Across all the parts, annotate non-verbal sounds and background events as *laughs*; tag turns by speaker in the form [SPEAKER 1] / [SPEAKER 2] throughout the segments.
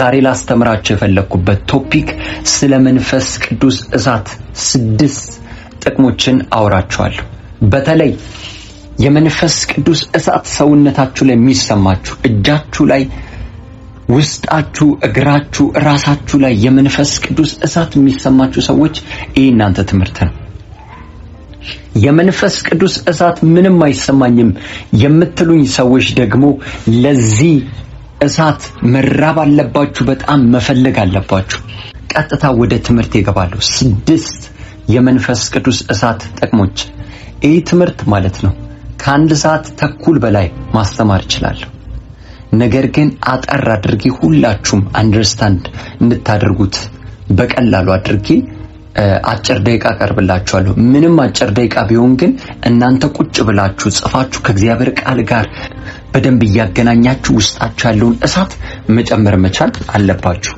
[SPEAKER 1] ዛሬ ላስተምራቸው የፈለግኩበት ቶፒክ ስለ መንፈስ ቅዱስ እሳት ስድስት ጥቅሞችን አውራችኋለሁ። በተለይ የመንፈስ ቅዱስ እሳት ሰውነታችሁ ላይ የሚሰማችሁ፣ እጃችሁ ላይ፣ ውስጣችሁ፣ እግራችሁ፣ ራሳችሁ ላይ የመንፈስ ቅዱስ እሳት የሚሰማችሁ ሰዎች ይህ እናንተ ትምህርት ነው። የመንፈስ ቅዱስ እሳት ምንም አይሰማኝም የምትሉኝ ሰዎች ደግሞ ለዚህ እሳት መራብ አለባችሁ። በጣም መፈለግ አለባችሁ። ቀጥታ ወደ ትምህርት ይገባለሁ። ስድስት የመንፈስ ቅዱስ እሳት ጥቅሞች። ይህ ትምህርት ማለት ነው ከአንድ ሰዓት ተኩል በላይ ማስተማር እችላለሁ። ነገር ግን አጠር አድርጌ ሁላችሁም አንደርስታንድ እንድታደርጉት በቀላሉ አድርጌ አጭር ደቂቃ ቀርብላችኋለሁ። ምንም አጭር ደቂቃ ቢሆን ግን እናንተ ቁጭ ብላችሁ ጽፋችሁ ከእግዚአብሔር ቃል ጋር በደንብ እያገናኛችሁ ውስጣችሁ ያለውን እሳት መጨመር መቻል አለባችሁ።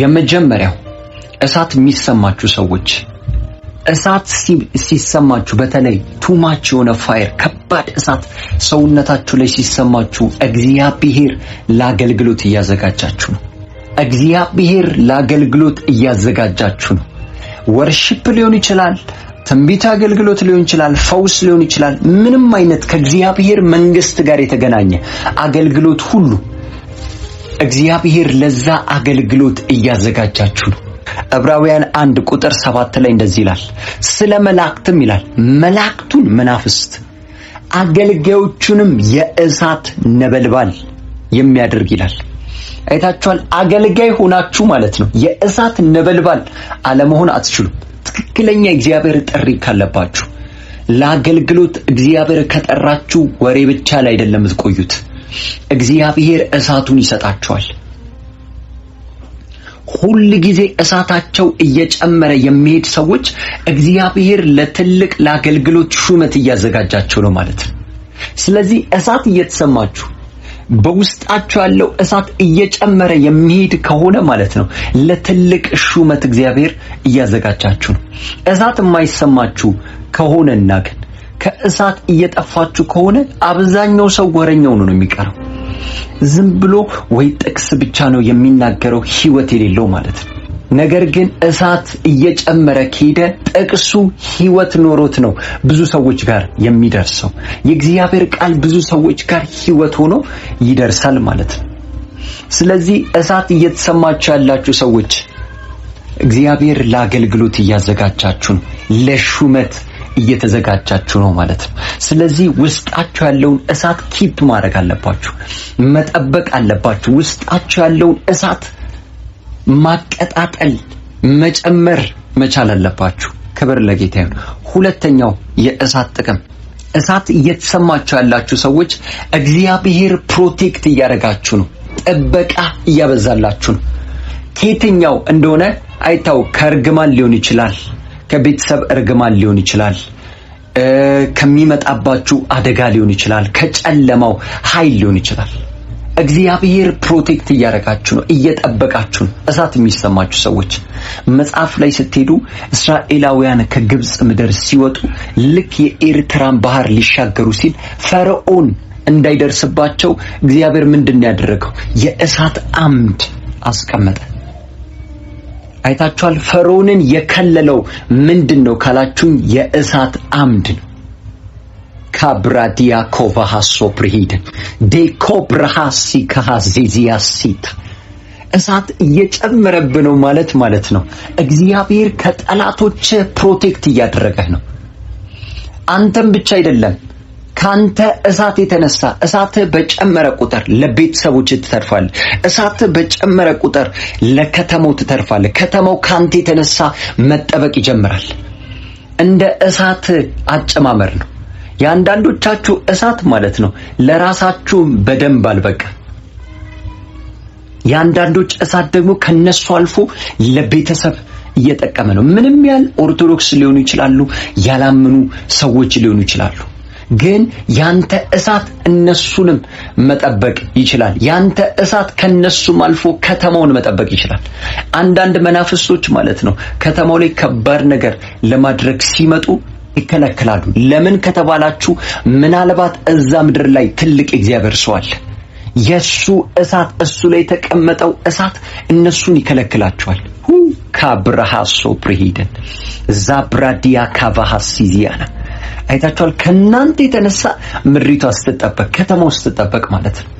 [SPEAKER 1] የመጀመሪያው እሳት የሚሰማችሁ ሰዎች እሳት ሲሰማችሁ በተለይ ቱማች የሆነ ፋየር ከባድ እሳት ሰውነታችሁ ላይ ሲሰማችሁ እግዚአብሔር ለአገልግሎት እያዘጋጃችሁ ነው። እግዚአብሔር ለአገልግሎት እያዘጋጃችሁ ነው። ወርሺፕ ሊሆን ይችላል፣ ትንቢት አገልግሎት ሊሆን ይችላል፣ ፈውስ ሊሆን ይችላል። ምንም አይነት ከእግዚአብሔር መንግስት ጋር የተገናኘ አገልግሎት ሁሉ እግዚአብሔር ለዛ አገልግሎት እያዘጋጃችሁ ነው። ዕብራውያን አንድ ቁጥር ሰባት ላይ እንደዚህ ይላል፣ ስለ መላእክትም ይላል መላእክቱን መናፍስት አገልጋዮቹንም የእሳት ነበልባል የሚያደርግ ይላል። አይታችኋል። አገልጋይ ሆናችሁ ማለት ነው የእሳት ነበልባል አለመሆን አትችሉም። ትክክለኛ እግዚአብሔር ጥሪ ካለባችሁ ለአገልግሎት እግዚአብሔር ከጠራችሁ ወሬ ብቻ ላይ አይደለም የምትቆዩት። እግዚአብሔር እሳቱን ይሰጣቸዋል። ሁል ጊዜ እሳታቸው እየጨመረ የሚሄድ ሰዎች እግዚአብሔር ለትልቅ ለአገልግሎት ሹመት እያዘጋጃቸው ነው ማለት ነው። ስለዚህ እሳት እየተሰማችሁ በውስጣቸው ያለው እሳት እየጨመረ የሚሄድ ከሆነ ማለት ነው ለትልቅ ሹመት እግዚአብሔር እያዘጋጃችሁ ነው። እሳት የማይሰማችሁ ከሆነና ግን ከእሳት እየጠፋችሁ ከሆነ አብዛኛው ሰው ወረኛው ነው የሚቀረው። ዝም ብሎ ወይ ጥቅስ ብቻ ነው የሚናገረው፣ ህይወት የሌለው ማለት ነው። ነገር ግን እሳት እየጨመረ ከሄደ ጥቅሱ ህይወት ኖሮት ነው ብዙ ሰዎች ጋር የሚደርሰው። የእግዚአብሔር ቃል ብዙ ሰዎች ጋር ህይወት ሆኖ ይደርሳል ማለት ነው። ስለዚህ እሳት እየተሰማችሁ ያላችሁ ሰዎች እግዚአብሔር ለአገልግሎት እያዘጋጃችሁ ነው፣ ለሹመት እየተዘጋጃችሁ ነው ማለት ነው። ስለዚህ ውስጣችሁ ያለውን እሳት ኪፕ ማድረግ አለባችሁ፣ መጠበቅ አለባችሁ። ውስጣችሁ ያለውን እሳት ማቀጣጠል፣ መጨመር መቻል አለባችሁ። ክብር ለጌታ ይሁን። ሁለተኛው የእሳት ጥቅም እሳት እየተሰማችሁ ያላችሁ ሰዎች እግዚአብሔር ፕሮቴክት እያደረጋችሁ ነው። ጥበቃ እያበዛላችሁ ነው። ከየትኛው እንደሆነ አይታው ከእርግማን ሊሆን ይችላል። ከቤተሰብ እርግማን ሊሆን ይችላል። ከሚመጣባችሁ አደጋ ሊሆን ይችላል። ከጨለማው ኃይል ሊሆን ይችላል። እግዚአብሔር ፕሮቴክት እያደረጋችሁ ነው፣ እየጠበቃችሁ ነው። እሳት የሚሰማችሁ ሰዎች መጽሐፍ ላይ ስትሄዱ እስራኤላውያን ከግብፅ ምድር ሲወጡ ልክ የኤርትራን ባህር ሊሻገሩ ሲል ፈርዖን እንዳይደርስባቸው እግዚአብሔር ምንድን ነው ያደረገው? የእሳት አምድ አስቀመጠ። አይታችኋል። ፈርዖንን የከለለው ምንድን ነው ካላችሁኝ፣ የእሳት አምድ ነው። kabra kovaha soprihid ዴኮብረሃሲ ካሃዚዚያሲት እሳት እየጨመረብ ነው ማለት ማለት ነው። እግዚአብሔር ከጠላቶች ፕሮቴክት እያደረገህ ነው። አንተም ብቻ አይደለም ካንተ እሳት የተነሳ እሳት በጨመረ ቁጥር ለቤተሰቦች ትተርፋል። እሳት በጨመረ ቁጥር ለከተማው ትተርፋል። ከተማው ካንተ የተነሳ መጠበቅ ይጀምራል። እንደ እሳት አጨማመር ነው። የአንዳንዶቻችሁ እሳት ማለት ነው ለራሳችሁም በደንብ አልበቃ የአንዳንዶች እሳት ደግሞ ከነሱ አልፎ ለቤተሰብ እየጠቀመ ነው። ምንም ያህል ኦርቶዶክስ ሊሆኑ ይችላሉ፣ ያላመኑ ሰዎች ሊሆኑ ይችላሉ። ግን ያንተ እሳት እነሱንም መጠበቅ ይችላል። ያንተ እሳት ከነሱም አልፎ ከተማውን መጠበቅ ይችላል። አንዳንድ መናፍስቶች ማለት ነው ከተማው ላይ ከባድ ነገር ለማድረግ ሲመጡ ይከለክላሉ። ለምን ከተባላችሁ ምናልባት እዛ ምድር ላይ ትልቅ እግዚአብሔር ሰው አለ። የሱ እሳት እሱ ላይ የተቀመጠው እሳት እነሱን ይከለክላቸዋል። ሁ ካብራሃሶ ፕሪሂደን ዛብራዲያ ካቫሃሲዚያና አይታችኋል። ከእናንተ የተነሳ ምድሪቷ ስትጠበቅ፣ ከተማው ስትጠበቅ ማለት ነው።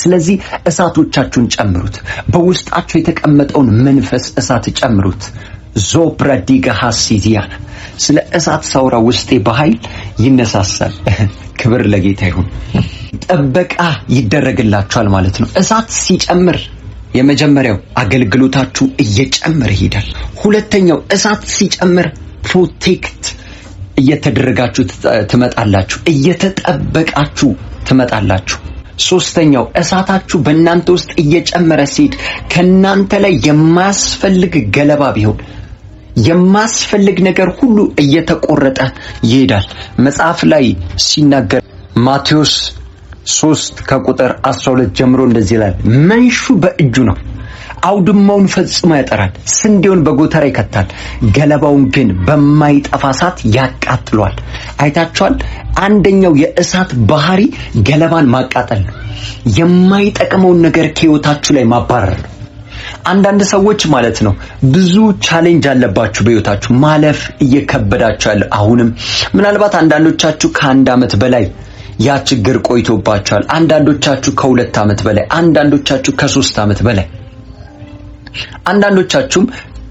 [SPEAKER 1] ስለዚህ እሳቶቻችሁን ጨምሩት። በውስጣችሁ የተቀመጠውን መንፈስ እሳት ጨምሩት። ዞፕራ ዲገ ስለ እሳት ሳውራ ውስጤ በኃይል ይነሳሳል። *laughs* ክብር ለጌታ ይሁን። ጥበቃ ይደረግላችኋል ማለት ነው። እሳት ሲጨምር የመጀመሪያው አገልግሎታችሁ እየጨመረ ይሄዳል። ሁለተኛው እሳት ሲጨምር ፕሮቴክት እየተደረጋችሁ ትመጣላችሁ፣ እየተጠበቃችሁ ትመጣላችሁ። ሶስተኛው እሳታችሁ በእናንተ ውስጥ እየጨመረ ሲሄድ ከእናንተ ላይ የማያስፈልግ ገለባ ቢሆን የማስፈልግ ነገር ሁሉ እየተቆረጠ ይሄዳል። መጽሐፍ ላይ ሲናገር ማቴዎስ ሶስት ከቁጥር 12 ጀምሮ እንደዚህ ይላል፣ መንሹ በእጁ ነው፣ አውድማውን ፈጽሞ ያጠራል፣ ስንዴውን በጎተራ ይከታል፣ ገለባውን ግን በማይጠፋ እሳት ያቃጥሏል። አይታችኋል? አንደኛው የእሳት ባህሪ ገለባን ማቃጠል ነው። የማይጠቅመውን ነገር ከህይወታችሁ ላይ ማባረር ነው። አንዳንድ ሰዎች ማለት ነው ብዙ ቻሌንጅ አለባችሁ በህይወታችሁ ማለፍ እየከበዳችሁ ያለ አሁንም ምናልባት አንዳንዶቻችሁ ከአንድ አመት በላይ ያ ችግር ቆይቶባችኋል። አንዳንዶቻችሁ ከሁለት ዓመት በላይ፣ አንዳንዶቻችሁ ከሶስት አመት በላይ፣ አንዳንዶቻችሁም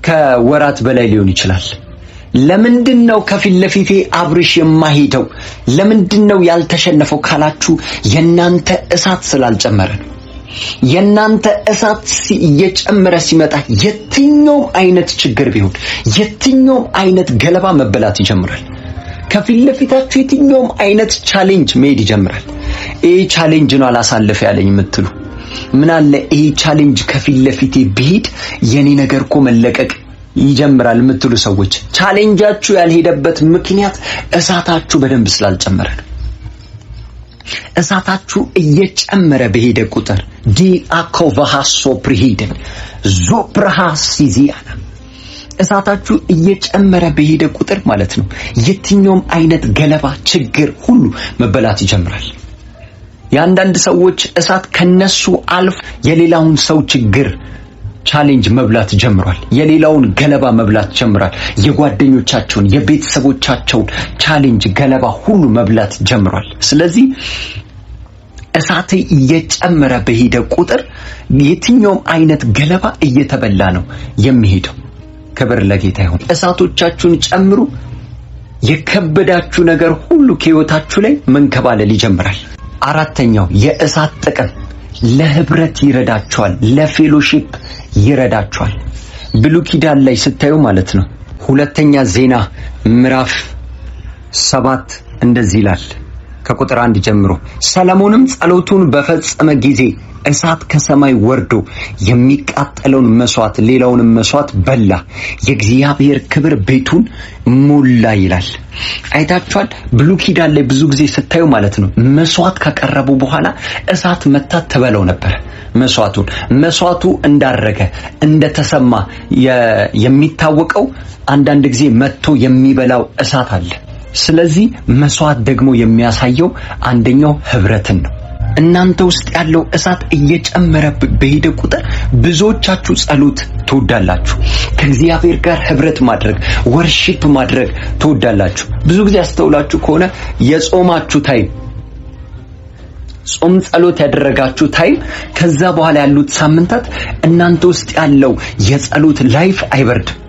[SPEAKER 1] ከወራት በላይ ሊሆን ይችላል። ለምንድን ነው ከፊት ለፊቴ አብርሽ የማሄደው? ለምንድን ነው ያልተሸነፈው ካላችሁ የእናንተ እሳት ስላልጨመረ ነው። የእናንተ እሳት እየጨመረ ሲመጣ የትኛውም አይነት ችግር ቢሆን የትኛውም አይነት ገለባ መበላት ይጀምራል። ከፊት ለፊታችሁ የትኛውም አይነት ቻሌንጅ መሄድ ይጀምራል። ይህ ቻሌንጅ ነው አላሳልፍ ያለኝ የምትሉ ምን አለ ይህ ቻሌንጅ ከፊት ለፊቴ ብሄድ የኔ ነገር እኮ መለቀቅ ይጀምራል የምትሉ ሰዎች ቻሌንጃችሁ ያልሄደበት ምክንያት እሳታችሁ በደንብ ስላልጨመረ ነው። እሳታችሁ እየጨመረ በሄደ ቁጥር ዲአኮቫሃሶ ፕሪሂድን ዞፕራሃ ሲዚያና እሳታችሁ እየጨመረ በሄደ ቁጥር ማለት ነው የትኛውም አይነት ገለባ ችግር ሁሉ መበላት ይጀምራል። የአንዳንድ ሰዎች እሳት ከነሱ አልፍ የሌላውን ሰው ችግር ቻሌንጅ መብላት ጀምሯል። የሌላውን ገለባ መብላት ጀምሯል። የጓደኞቻቸውን፣ የቤተሰቦቻቸውን ቻሌንጅ ገለባ ሁሉ መብላት ጀምሯል። ስለዚህ እሳት እየጨመረ በሄደ ቁጥር የትኛውም አይነት ገለባ እየተበላ ነው የሚሄደው። ክብር ለጌታ ይሁን። እሳቶቻችሁን ጨምሩ። የከበዳችሁ ነገር ሁሉ ከህይወታችሁ ላይ መንከባለል ይጀምራል። አራተኛው የእሳት ጥቅም ለህብረት ይረዳቸዋል፣ ለፌሎሺፕ ይረዳቸዋል። ብሉይ ኪዳን ላይ ስታዩ ማለት ነው። ሁለተኛ ዜና ምዕራፍ ሰባት እንደዚህ ይላል። ከቁጥር አንድ ጀምሮ ሰለሞንም ጸሎቱን በፈጸመ ጊዜ እሳት ከሰማይ ወርዶ የሚቃጠለውን መስዋዕት ሌላውንም መስዋዕት በላ፣ የእግዚአብሔር ክብር ቤቱን ሞላ ይላል። አይታችኋል። ብሉይ ኪዳን ላይ ብዙ ጊዜ ስታዩ ማለት ነው መስዋዕት ከቀረቡ በኋላ እሳት መታት ተበለው ነበር። መስዋዕቱን መስዋዕቱ እንዳረገ እንደተሰማ የሚታወቀው አንዳንድ ጊዜ መጥቶ የሚበላው እሳት አለ። ስለዚህ መስዋዕት ደግሞ የሚያሳየው አንደኛው ህብረትን ነው። እናንተ ውስጥ ያለው እሳት እየጨመረ በሄደ ቁጥር ብዙዎቻችሁ ጸሎት ትወዳላችሁ። ከእግዚአብሔር ጋር ህብረት ማድረግ ወርሺፕ ማድረግ ትወዳላችሁ። ብዙ ጊዜ አስተውላችሁ ከሆነ የጾማችሁ ታይም ጾም ጸሎት ያደረጋችሁ ታይም ከዛ በኋላ ያሉት ሳምንታት እናንተ ውስጥ ያለው የጸሎት ላይፍ አይበርድም።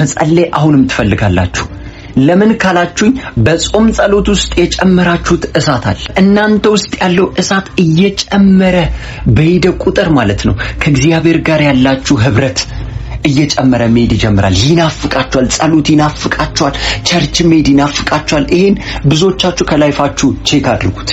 [SPEAKER 1] መጸለይ አሁንም ትፈልጋላችሁ። ለምን ካላችሁኝ በጾም ጸሎት ውስጥ የጨመራችሁት እሳት አለ። እናንተ ውስጥ ያለው እሳት እየጨመረ በሄደ ቁጥር ማለት ነው ከእግዚአብሔር ጋር ያላችሁ ህብረት እየጨመረ መሄድ ይጀምራል። ይናፍቃችኋል፣ ጸሎት ይናፍቃችኋል፣ ቸርች መሄድ ይናፍቃችኋል። ይህን ብዙዎቻችሁ ከላይፋችሁ ቼክ አድርጉት።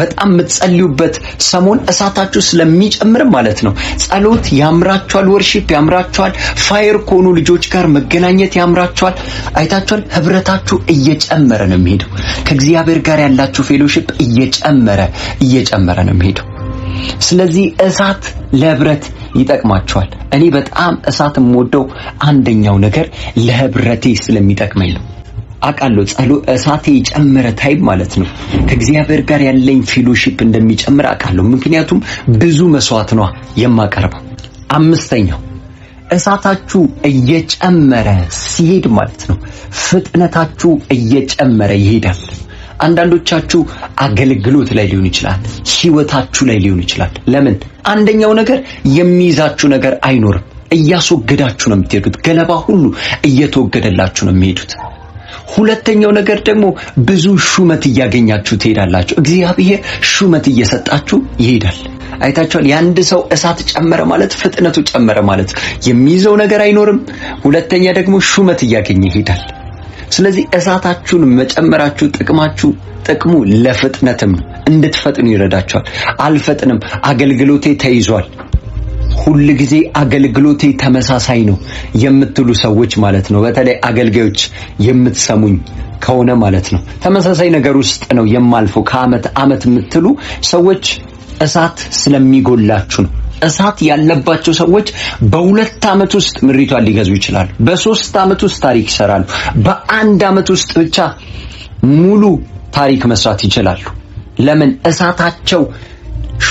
[SPEAKER 1] በጣም የምትጸልዩበት ሰሞን እሳታችሁ ስለሚጨምር ማለት ነው። ጸሎት ያምራችኋል፣ ወርሺፕ ያምራችኋል፣ ፋየር ከሆኑ ልጆች ጋር መገናኘት ያምራችኋል። አይታችኋል፣ ህብረታችሁ እየጨመረ ነው የሚሄደው። ከእግዚአብሔር ጋር ያላችሁ ፌሎሺፕ እየጨመረ እየጨመረ ነው የሚሄደው። ስለዚህ እሳት ለህብረት ይጠቅማቸዋል። እኔ በጣም እሳት የምወደው አንደኛው ነገር ለህብረቴ ስለሚጠቅመኝ ነው። አውቃለሁ ጸሎ እሳቴ የጨመረ ታይም ማለት ነው። ከእግዚአብሔር ጋር ያለኝ ፌሎሺፕ እንደሚጨምር አውቃለሁ። ምክንያቱም ብዙ መስዋዕት ነው የማቀርበው። አምስተኛው እሳታችሁ እየጨመረ ሲሄድ ማለት ነው ፍጥነታችሁ እየጨመረ ይሄዳል። አንዳንዶቻችሁ አገልግሎት ላይ ሊሆን ይችላል፣ ህይወታችሁ ላይ ሊሆን ይችላል። ለምን አንደኛው ነገር የሚይዛችሁ ነገር አይኖርም። እያስወገዳችሁ ነው የምትሄዱት። ገለባ ሁሉ እየተወገደላችሁ ነው የሚሄዱት። ሁለተኛው ነገር ደግሞ ብዙ ሹመት እያገኛችሁ ትሄዳላችሁ። እግዚአብሔር ሹመት እየሰጣችሁ ይሄዳል። አይታችኋል። የአንድ ሰው እሳት ጨመረ ማለት ፍጥነቱ ጨመረ ማለት የሚይዘው ነገር አይኖርም። ሁለተኛ ደግሞ ሹመት እያገኘ ይሄዳል። ስለዚህ እሳታችሁን መጨመራችሁ ጥቅማችሁ ጥቅሙ ለፍጥነትም እንድትፈጥኑ ይረዳቸዋል አልፈጥንም፣ አገልግሎቴ ተይዟል ሁል ጊዜ አገልግሎቴ ተመሳሳይ ነው የምትሉ ሰዎች ማለት ነው። በተለይ አገልጋዮች የምትሰሙኝ ከሆነ ማለት ነው። ተመሳሳይ ነገር ውስጥ ነው የማልፈው ከአመት አመት የምትሉ ሰዎች እሳት ስለሚጎላችሁ ነው። እሳት ያለባቸው ሰዎች በሁለት አመት ውስጥ ምሪቷን ሊገዙ ይችላሉ። በሶስት አመት ውስጥ ታሪክ ይሰራሉ። በአንድ አመት ውስጥ ብቻ ሙሉ ታሪክ መስራት ይችላሉ። ለምን እሳታቸው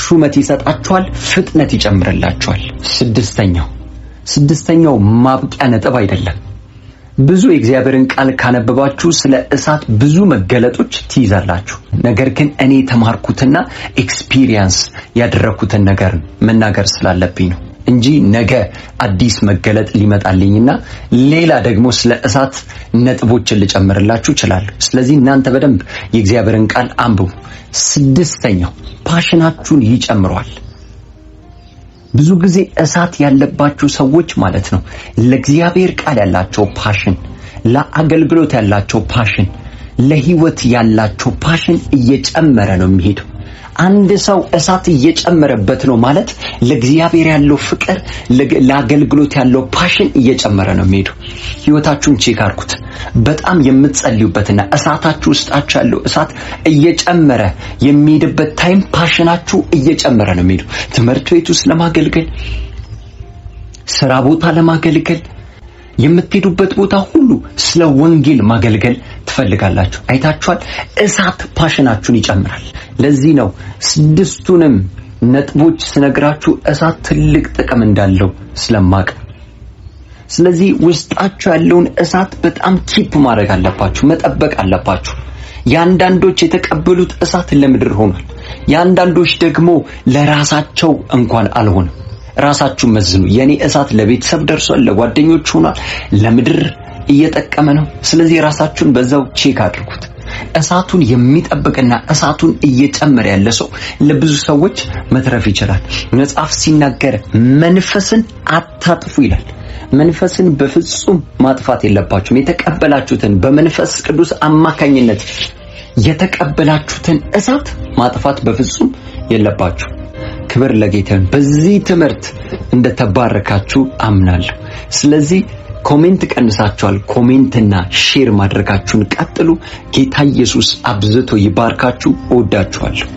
[SPEAKER 1] ሹመት ይሰጣችኋል፣ ፍጥነት ይጨምርላችኋል። ስድስተኛው ስድስተኛው ማብቂያ ነጥብ አይደለም። ብዙ የእግዚአብሔርን ቃል ካነበባችሁ ስለ እሳት ብዙ መገለጦች ትይዛላችሁ። ነገር ግን እኔ የተማርኩትና ኤክስፒሪየንስ ያደረኩትን ነገር መናገር ስላለብኝ ነው። እንጂ ነገ አዲስ መገለጥ ሊመጣልኝና ሌላ ደግሞ ስለ እሳት ነጥቦችን ልጨምርላችሁ እችላለሁ። ስለዚህ እናንተ በደንብ የእግዚአብሔርን ቃል አንብቡ። ስድስተኛው ፓሽናችሁን ይጨምረዋል። ብዙ ጊዜ እሳት ያለባችሁ ሰዎች ማለት ነው ለእግዚአብሔር ቃል ያላቸው ፓሽን፣ ለአገልግሎት ያላቸው ፓሽን፣ ለህይወት ያላቸው ፓሽን እየጨመረ ነው የሚሄደው። አንድ ሰው እሳት እየጨመረበት ነው ማለት ለእግዚአብሔር ያለው ፍቅር፣ ለአገልግሎት ያለው ፓሽን እየጨመረ ነው የሚሄዱ። ህይወታችሁን ቼክ አድርጉት። በጣም የምትጸልዩበትና እሳታችሁ ውስጣችሁ ያለው እሳት እየጨመረ የሚሄድበት ታይም ፓሽናችሁ እየጨመረ ነው የሚሄዱ። ትምህርት ቤት ውስጥ ለማገልገል፣ ስራ ቦታ ለማገልገል፣ የምትሄዱበት ቦታ ሁሉ ስለ ወንጌል ማገልገል ትፈልጋላችሁ። አይታችኋል። እሳት ፓሽናችሁን ይጨምራል። ለዚህ ነው ስድስቱንም ነጥቦች ስነግራችሁ እሳት ትልቅ ጥቅም እንዳለው ስለማቅ ስለዚህ ውስጣችሁ ያለውን እሳት በጣም ኪፕ ማድረግ አለባችሁ፣ መጠበቅ አለባችሁ። የአንዳንዶች የተቀበሉት እሳት ለምድር ሆኗል። የአንዳንዶች ደግሞ ለራሳቸው እንኳን አልሆነም። ራሳችሁ መዝኑ። የኔ እሳት ለቤተሰብ ደርሷል፣ ለጓደኞች ሆኗል፣ ለምድር እየጠቀመ ነው። ስለዚህ ራሳችሁን በዛው ቼክ አድርጉት። እሳቱን የሚጠብቅና እሳቱን እየጨመረ ያለ ሰው ለብዙ ሰዎች መትረፍ ይችላል። መጽሐፍ ሲናገር መንፈስን አታጥፉ ይላል። መንፈስን በፍጹም ማጥፋት የለባችሁም። የተቀበላችሁትን በመንፈስ ቅዱስ አማካኝነት የተቀበላችሁትን እሳት ማጥፋት በፍጹም የለባችሁ። ክብር ለጌታ። በዚህ ትምህርት እንደተባረካችሁ አምናለሁ። ስለዚህ ኮሜንት ቀንሳችኋል። ኮሜንትና ሼር ማድረጋችሁን ቀጥሉ። ጌታ ኢየሱስ አብዝቶ ይባርካችሁ። እወዳችኋለሁ።